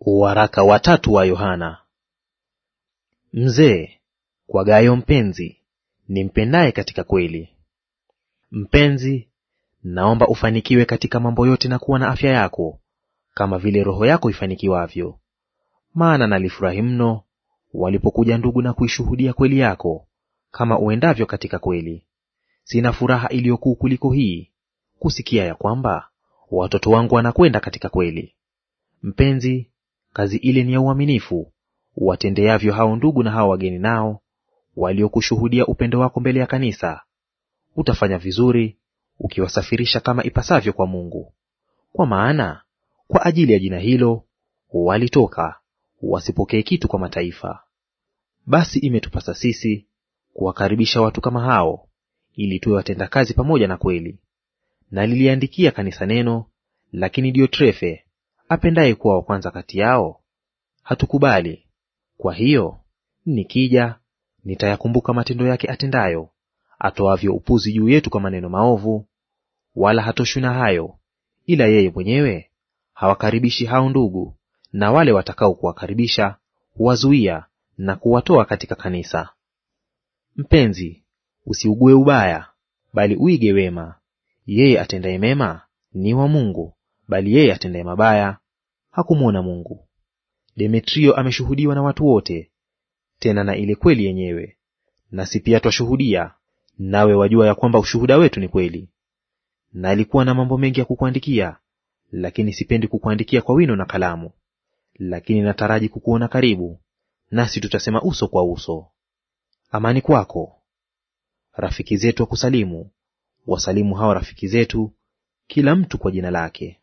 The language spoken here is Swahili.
Waraka tatu wa Yohana. Mzee kwa Gayo mpenzi, nimpendaye katika kweli. Mpenzi, naomba ufanikiwe katika mambo yote na kuwa na afya yako, kama vile roho yako ifanikiwavyo. Maana nalifurahi mno walipokuja ndugu na kuishuhudia kweli yako, kama uendavyo katika kweli. Sina furaha iliyokuu kuliko hii, kusikia ya kwamba watoto wangu wanakwenda katika kweli. Mpenzi, kazi ile ni ya uaminifu watendeavyo hao ndugu na hao wageni nao waliokushuhudia upendo wako mbele ya kanisa. Utafanya vizuri ukiwasafirisha kama ipasavyo kwa Mungu, kwa maana kwa ajili ya jina hilo walitoka wasipokee kitu kwa mataifa. Basi imetupasa sisi kuwakaribisha watu kama hao, ili tuwe watendakazi pamoja na kweli. Na liliandikia kanisa neno, lakini Diotrefe apendaye kuwa wa kwanza kati yao, hatukubali. Kwa hiyo nikija, nitayakumbuka matendo yake atendayo, atoavyo upuzi juu yetu kwa maneno maovu. Wala hatoshwi na hayo, ila yeye mwenyewe hawakaribishi hao ndugu, na wale watakao kuwakaribisha huwazuia na kuwatoa katika kanisa. Mpenzi, usiugue ubaya, bali uige wema. Yeye atendaye mema ni wa Mungu, bali yeye atendaye mabaya hakumwona Mungu. Demetrio ameshuhudiwa na watu wote, tena na ile kweli yenyewe, nasi pia twashuhudia, nawe wajua ya kwamba ushuhuda wetu ni kweli. Na alikuwa na mambo mengi ya kukuandikia, lakini sipendi kukuandikia kwa wino na kalamu, lakini nataraji kukuona karibu, nasi tutasema uso kwa uso. Amani kwako. Rafiki zetu wakusalimu, wasalimu hawa rafiki zetu, kila mtu kwa jina lake.